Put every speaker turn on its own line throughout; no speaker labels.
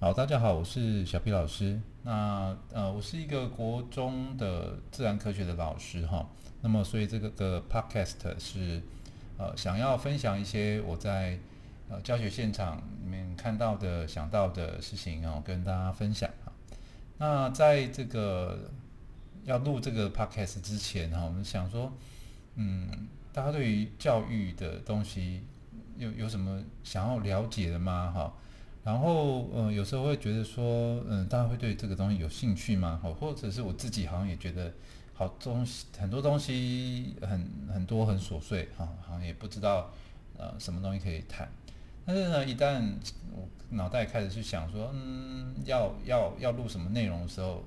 好，大家好，我是小皮老師。那呃，我是一個國中的自然科學的老師哈、哦。那麼，所以這個的、這個、podcast 是呃，想要分享一些我在呃教學現場裡面看到的、想到的事情然後、哦、跟大家分享哈、哦。那在這個要錄這個 podcast 之前哈、哦，我們想說，嗯，大家對於教育的東西有有什麼想要了解的嗎？哈、哦？然後，呃，有時候會覺得說，嗯、呃，大家會對這個東西有興趣嗎？或者是我自己好像也覺得，好東西很多東西很很多很瑣碎，哈、哦，好像也不知道，呃，什麼東西可以談。但是呢，一旦我腦袋開始去想說，嗯，要要要錄什麼內容的時候，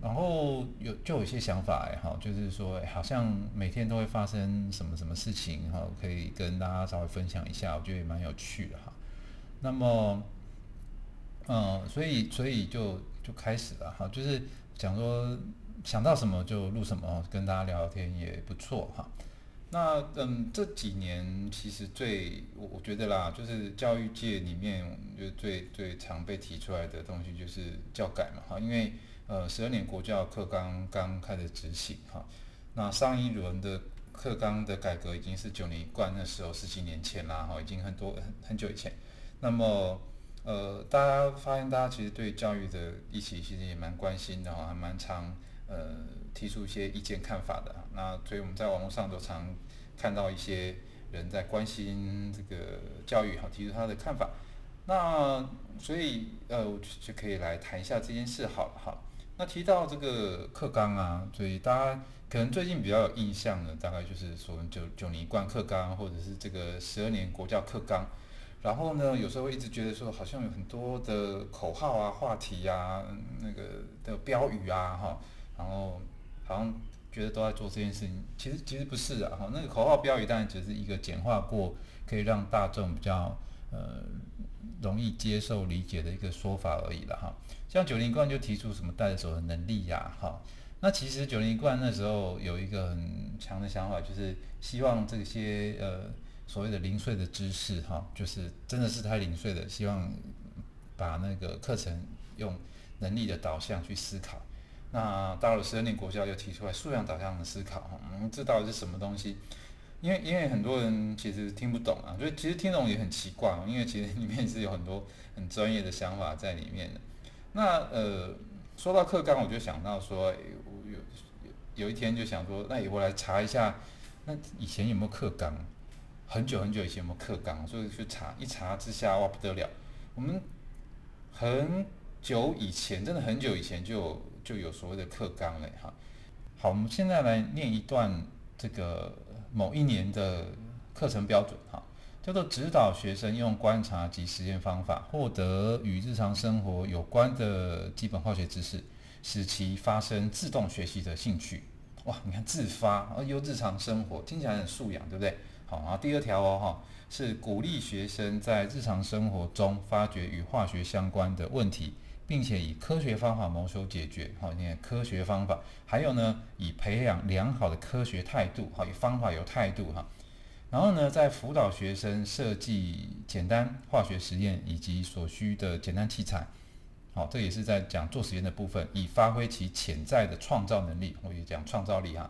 然後有就有一些想法也好、哦，就是說、欸、好像每天都會發生什麼什麼事情哈、哦，可以跟大家稍微分享一下，我覺得也蠻有趣的哈、哦。那麼。嗯，所以所以就就開始了哈，就是想說想到什麼就錄什麼，跟大家聊聊天也不錯哈。那嗯，這幾年其實最我我覺得啦，就是教育界裡面，就最最常被提出來的東西就是教改嘛哈，因為呃十二年國教課綱剛剛開始執行哈，那上一輪的課綱的改革已經是九年一貫，那時候十幾年前啦哈，已經很多很很久以前，那麼。呃，大家發現，大家其實對教育的一起，其實也蠻關心的哈，還蠻常呃提出一些意見看法的。那所以我們在網絡上都常看到一些人在關心這個教育哈，提出他的看法。那所以呃我就可以來談一下這件事好了哈。那提到這個課綱啊，所以大家可能最近比較有印象的，大概就是說九九年一貫課綱，或者是這個十二年國教課綱。然後呢，有時候會一直覺得說好像有很多的口號啊、話題啊、那個的標語啊，哈，然後好像覺得都在做這件事情。其實其實不是啊，哈，那個口號標語當然只是一個簡化過，可以讓大眾比較呃容易接受理解的一個說法而已了，哈。像九零貫就提出什麼帶得走的，的能力呀，哈。那其實九零貫那時候有一個很強的想法，就是希望這些呃。所謂的零碎的知識，哈，就是真的是太零碎的。希望把那個課程用能力的導向去思考。那到了十二年國教又提出來素養導向的思考，嗯，這到底是什麼東西？因為因為很多人其實聽不懂啊，所以其實聽懂也很奇怪，因為其實裡面是有很多很專業的想法在裡面的。那呃，說到課綱，我就想到說，欸、我有有有有一天就想說，那我來查一下，那以前有沒有課綱？很久很久以前，我們課綱？所以去查一查之下，哇，不得了！我們很久以前，真的很久以前就就有所謂的課綱了哈。好，我們現在來念一段這個某一年的課程標準哈，叫做指導學生用觀察及實驗方法獲得與日常生活有關的基本化學知識，使其發生自動學習的興趣。哇，你看自發，而又日常生活，聽起來很素養，對不對？好，第二條哦，哈，是鼓勵學生在日常生活中發掘與化學相關的問題，並且以科學方法謀求解決。好，你看科學方法，還有呢，以培養良好的科學態度。哈，有方法有態度哈。然後呢，在輔導學生設計簡單化學實驗以及所需的簡單器材。好，這也是在講做實驗的部分，以發揮其潛在的創造能力。我也講創造力哈。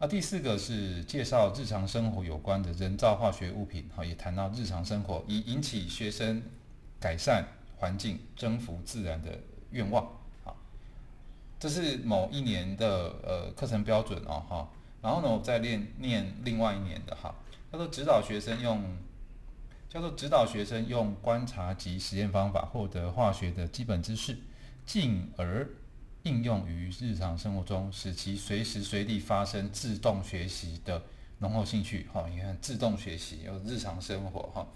啊，第四個是介紹日常生活有關的人造化學物品，哈，也談到日常生活，以引起學生改善環境、征服自然的願望，好，這是某一年的呃課程標準哦。哈，然後呢，我再念念另外一年的哈，叫做指導學生用，叫做指導學生用觀察及實驗方法獲得化學的基本知識，進而。應用於日常生活中，使其隨時隨地發生自動學習的濃厚興趣。好，你看自動學習，有日常生活。哈，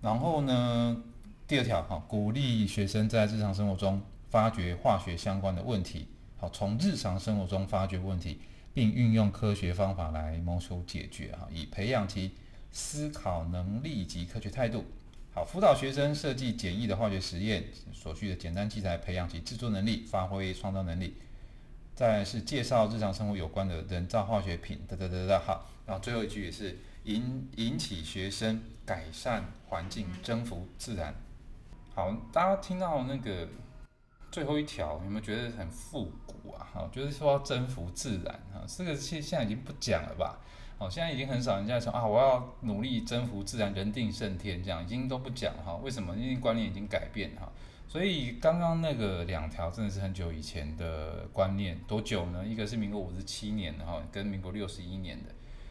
然後呢，第二條哈，鼓勵學生在日常生活中發掘化學相關的問題。好，從日常生活中發掘問題，並運用科學方法來謀求解決。哈，以培養其思考能力以及科學態度。好，輔導學生設計簡易的化學實驗所需的簡單器材，培養其製作能力，發揮創造能力。再是介紹日常生活有關的人造化學品，噠噠噠噠，好，然後最後一句也是引引起學生改善環境，嗯、征服自然。好，大家聽到那個最後一條，有沒有覺得很復古啊？好，就是說要征服自然啊，這個現現在已經不講了吧？哦，現在已經很少人家說啊，我要努力征服自然，人定勝天這樣已經都不講了哈。為什麼？因為觀念已經改變了。所以剛剛那個兩條真的是很久以前的觀念，多久呢？一個是民國五十七年哈，跟民國六十一年的。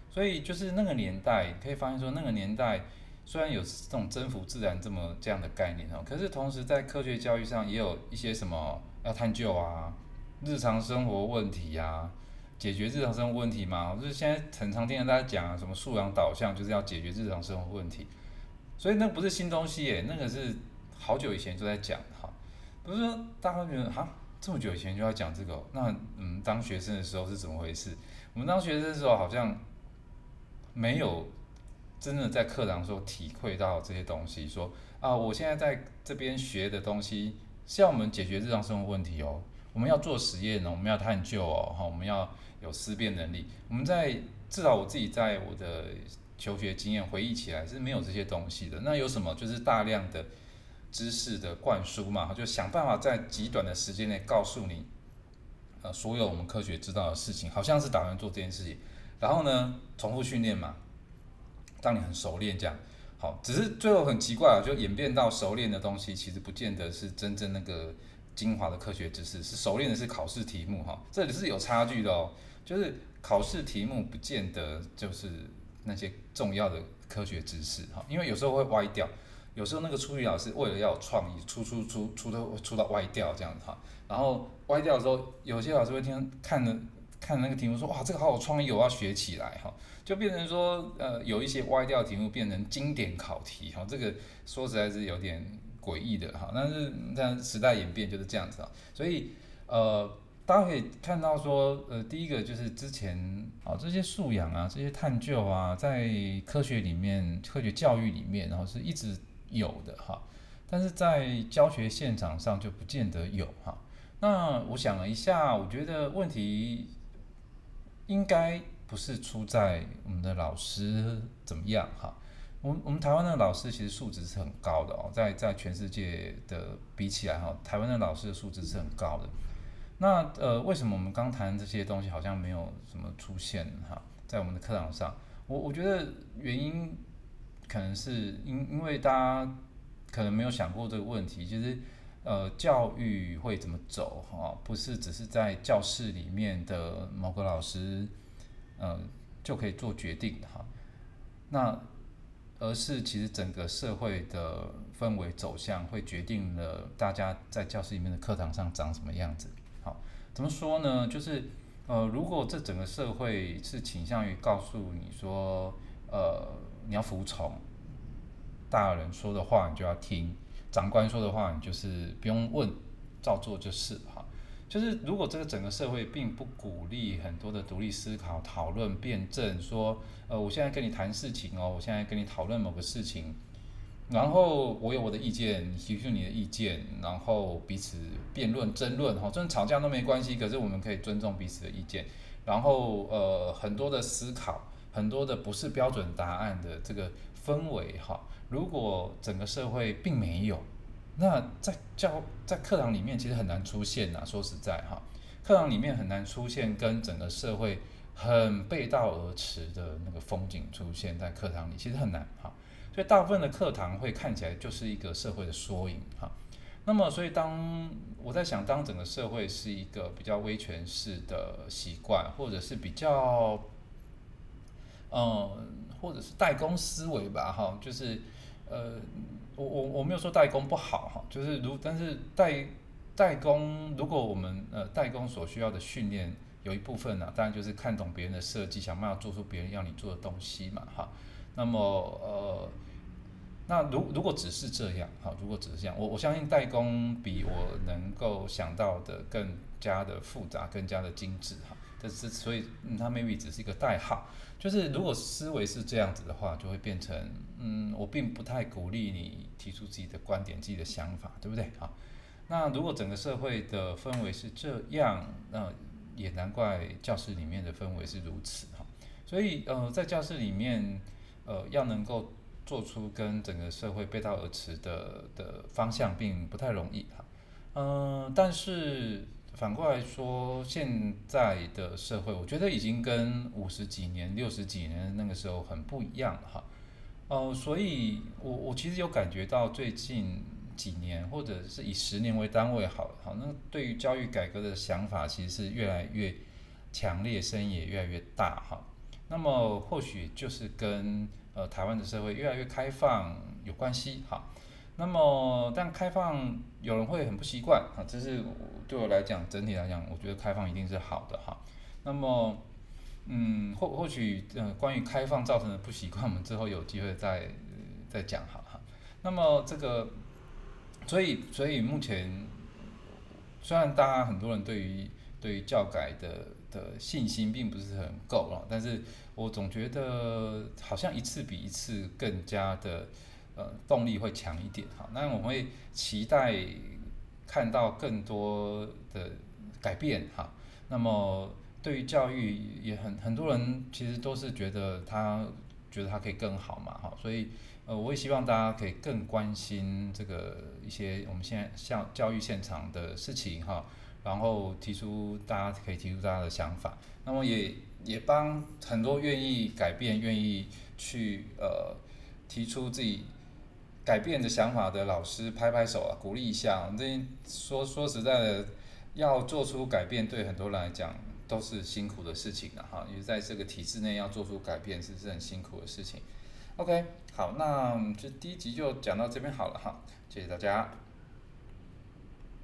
所以就是那個年代可以發現說，那個年代雖然有這種征服自然這麼這樣的概念哈，可是同時在科學教育上也有一些什麼要探究啊，日常生活問題啊。解決日常生活問題嘛，就是現在很常聽到大家講啊，什麼素養導向，就是要解決日常生活問題，所以那個不是新東西耶、欸，那個是好久以前就在講哈，不是說大家會覺得啊，這麼久以前就要講這個，那嗯，當學生的時候是怎麼回事？我們當學生的時候好像沒有真的在課堂的時候體會到這些東西，說啊，我現在在這邊學的東西是要我們解決日常生活問題哦。我們要做實驗呢，我們要探究哦，哈，我們要有思辨能力。我們在至少我自己在我的求學經驗回憶起來是沒有這些東西的。那有什麼？就是大量的知識的灌輸嘛，就想辦法在極短的時間內告訴你，呃，所有我們科學知道的事情，好像是打算做這件事情，然後呢，重複訓練嘛，當你很熟練這樣。好，只是最後很奇怪啊，就演變到熟練的東西，其實不見得是真正那個。精華的科學知識是熟練的是考試題目哈，這裡是有差距的哦，就是考試題目不見得就是那些重要的科學知識哈，因為有時候會歪掉，有時候那個出題老師為了要有創意，出出出出到出到歪掉這樣子哈，然後歪掉的時候，有些老師會聽看着看了那個題目說哇這個好有創意，我要學起來哈，就變成說呃有一些歪掉的題目變成經典考題哈，這個說實在是有點。詭異的哈，但是但是時代演變就是這樣子啊，所以呃，大家可以看到說，呃，第一個就是之前啊，哦，這些素養啊，這些探究啊，在科學裡面、科學教育裡面，然後是一直有的哈，但是在教學現場上就不見得有哈。那我想了一下，我覺得問題應該不是出在我們的老師怎麼樣哈。我們我們台灣的老師其實素質是很高的哦，在在全世界的比起來哈、哦，台灣的老師的素質是很高的。那呃，為什麼我們剛談這些東西好像沒有什麼出現哈，在我們的課堂上，我我覺得原因可能是因因為大家可能沒有想過這個問題，就是呃，教育會怎麼走哈，不是只是在教室裡面的某個老師呃就可以做決定哈，那。而是其實整個社會的氛圍走向，會決定了大家在教室裡面的課堂上長什麼樣子。好，怎麼說呢？就是，呃，如果這整個社會是傾向於告訴你說，呃，你要服從大人說的話，你就要聽長官說的話，你就是不用問，照做就是。就是如果這個整個社會並不鼓勵很多的獨立思考、討論、辯證，說，呃，我現在跟你談事情哦，我現在跟你討論某個事情，然後我有我的意見，你提出你的意見，然後彼此辯論、爭論，哈、哦，甚至吵架都沒關係，可是我們可以尊重彼此的意見，然後呃，很多的思考，很多的不是標準答案的這個氛圍，哈、哦，如果整個社會並沒有。那在教在課堂裡面其實很難出現吶，說實在哈，課堂裡面很難出現跟整個社會很背道而馳的那個風景出現在課堂裡，其實很難哈。所以大部分的課堂會看起來就是一個社會的縮影哈。那麼所以當我在想，當整個社會是一個比較威權式的習慣，或者是比較，嗯，或者是代工思維吧哈，就是。呃，我我我沒有說代工不好哈，就是如但是代代工，如果我們呃代工所需要的訓練有一部分呢、啊，當然就是看懂別人的設計，想辦法做出別人要你做的東西嘛哈。那麼呃，那如果如果只是這樣哈，如果只是這樣，我我相信代工比我能夠想到的更加的複雜，更加的精緻哈。這所以他、嗯、maybe 只是一個代號，就是如果思維是這樣子的話，就會變成，嗯，我並不太鼓勵你提出自己的觀點、自己的想法，對不對？啊，那如果整個社會的氛圍是這樣，那也難怪教室裡面的氛圍是如此哈。所以，呃，在教室裡面，呃，要能夠做出跟整個社會背道而馳的的方向，並不太容易哈。嗯、呃，但是。反過來說，現在的社會，我覺得已經跟五十幾年、六十幾年那個時候很不一樣哈。哦、呃，所以我我其實有感覺到最近幾年，或者是以十年為單位好，好好，那對於教育改革的想法，其實是越來越強烈，聲音也越來越大哈。那麼或許就是跟呃台灣的社會越來越開放有關係哈。那麼，但開放有人會很不習慣啊，這是對我來講，整體來講，我覺得開放一定是好的哈。那麼，嗯，或或許，嗯、呃，關於開放造成的不習慣，我們之後有機會再、呃、再講哈。那麼這個，所以，所以目前，雖然大家很多人對於對於教改的的信心並不是很夠，但是我總覺得好像一次比一次更加的。呃，動力會強一點哈，那我會期待看到更多的改變哈。那麼對於教育，也很很多人其實都是覺得他覺得他可以更好嘛哈，所以呃，我也希望大家可以更關心這個一些我們現在像教育現場的事情哈，然後提出大家可以提出大家的想法，那麼也也幫很多願意改變、願意去呃提出自己。改變的想法的老師拍拍手啊，鼓勵一下啊，那說說實在的，要做出改變，對很多人來講都是辛苦的事情了啊哈，因為在這個體制內要做出改變，是很辛苦的事情。OK，好，那我們就第一集就講到這邊好了哈。謝謝大家。